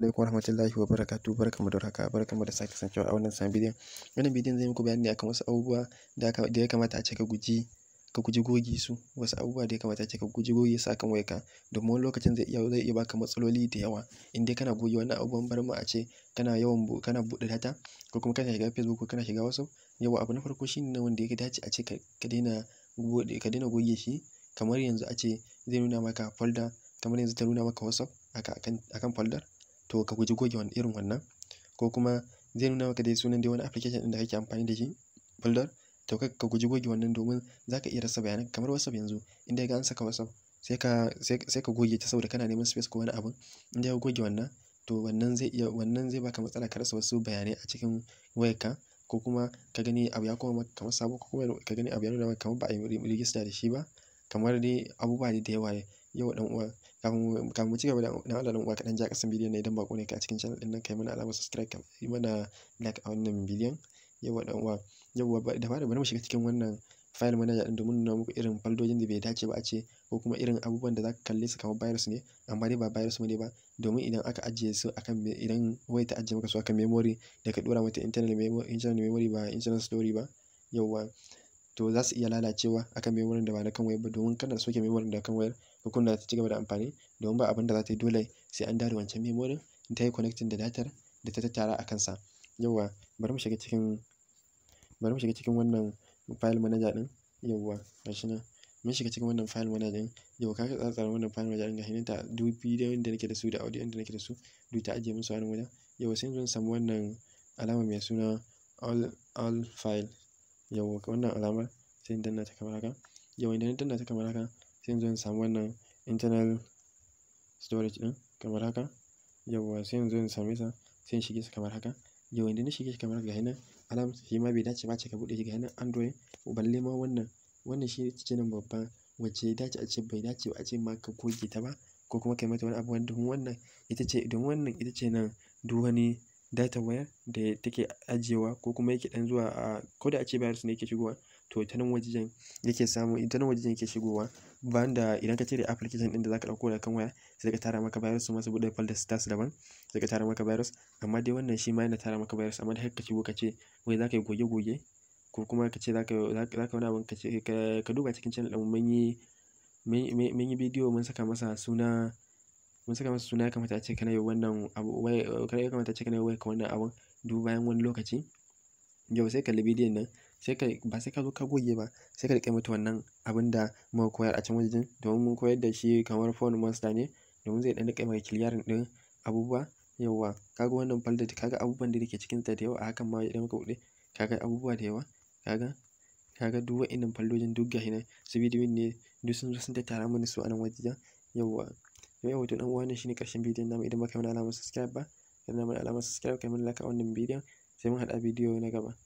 alaikum warahmatullahi wabarakatuh barkamu da warhaka barkamu da sake kasancewa a wannan sabon bidiyon wannan bidiyon zai muku bayani ne akan wasu abubuwa da ya kamata a ce ka guji ka guji goge su wasu abubuwa da ya kamata a ce ka guji goge su akan wayarka domin wani lokacin zai iya zai iya baka matsaloli da yawa in dai kana goge wannan abubuwan bar ma a ce kana yawan kana buɗe data ko kuma kana shiga facebook ko kana shiga whatsapp yawa abu na farko shine na wanda ya dace a ce ka daina ka daina goge shi kamar yanzu a ce zai nuna maka folder kamar yanzu ta nuna maka whatsapp akan akan folder to ka guji goge wani irin wannan ko kuma zai nuna maka dai sunan dai wani application ɗin da kake amfani da shi folder to ka guji goge wannan domin za ka iya rasa bayanan kamar WhatsApp yanzu inda ga an saka WhatsApp sai ka sai ka goge ta saboda kana neman space ko wani abun inda ka goge wannan to wannan zai iya wannan zai baka matsala ka rasa wasu bayanai a cikin wayarka ko kuma ka gani abu ya koma kamar sabo ko kuma ka gani abu ya nuna maka kamar ba a yi rijista da shi ba kamar dai abubuwa da yawa ne yau dan uwa kafin kafin mu ci gaba da dan Allah dan uwa ka dan ja kasan bidiyon nan idan ba ne ka a cikin channel din nan kai mana alamar subscribe kai mana like a wannan bidiyon yau dan uwa yau da fara bari mu shiga cikin wannan file manager din domin nuna muku irin faldojin da bai dace ba a ce ko kuma irin abubuwan da zaka kalle su kamar virus ne amma dai ba virus ne ba domin idan aka ajiye su akan idan wai ta ajiye maka su akan memory da ka dora mata internal memory internal memory ba internal storage ba yauwa to za su iya lalacewa akan memory da ba na kan wayar ba domin kana soke memory da kan wayar da za ta ci gaba da amfani domin ba abin da za ta yi dole sai an dawo wancan memorin in ta yi connecting da datar da ta tattara a kansa yawwa bari mu shiga cikin bari mu shiga cikin wannan file manager din yawwa gashi nan mun shiga cikin wannan file manager din yawwa ka tsara wannan file manager din ga nan ta duk bidiyoyin da nake da su da audio da nake da su duk ta ajiye musu a nan wajen yawwa sai zan samu wannan alama mai suna all all file yawwa wannan alamar sai in danna ta kamar haka yawwa idan na danna ta kamar haka sai in in samu wannan internal storage din kamar haka yauwa sai in in same sa sai in shige sa kamar haka yauwa idan na shige shi kamar haka gashi nan alarm shi ma bai dace ba ce ka buɗe shi gashi nan android balle ma wannan wannan shi ne ce nan babba wacce ya dace a ce bai dace ba a ce ma ka goge ta ba ko kuma kai mata wani abu wanda wannan ita ce domin wannan ita ce nan duk wani data waya da take ajiyewa ko kuma yake ɗan zuwa a ko da a ce virus ne yake shigowa to ita nan wajen yake samu ta nan wajen yake shigowa bayan da idan ka cire application ɗin da zaka ɗauko daga kan waya sai ka tara maka virus su masu bude folder stars daban sai ka tara maka virus amma dai wannan shi ma yana tara maka virus amma da haka ka shigo ka ce wai zaka yi goge-goge ko kuma ka ce zaka zaka wani abin ka ce ka duba cikin channel ɗin mun yi mun yi bidiyo mun saka masa suna mun saka masa suna ya kamata a ce kana yi wannan abu wai kamata a ce kana yi wannan abun duk bayan wani lokaci yau sai kalli bidiyon nan sai ka ba sai ka zo ka goge ba sai ka riƙe mata wannan abin da muka koyar a can wajen domin mun koyar da shi kamar phone monster ne domin zai ɗan riƙe mai kiliyarin ɗin abubuwa yawwa kaga wannan folder kaga abubuwan da yake cikin ta da yawa a hakan ma idan ka buɗe kaga abubuwa da yawa kaga kaga duk wa'innan fallojin duk gashi nan su bidiyon ne duk sun zo sun tattara mana su a nan wajen yawwa yau yau to dan uwa ne shine karshen bidiyon namu idan baka mana alamar subscribe ba kana mana alamar subscribe kai mana like a wannan bidiyon sai mun hada bidiyo na gaba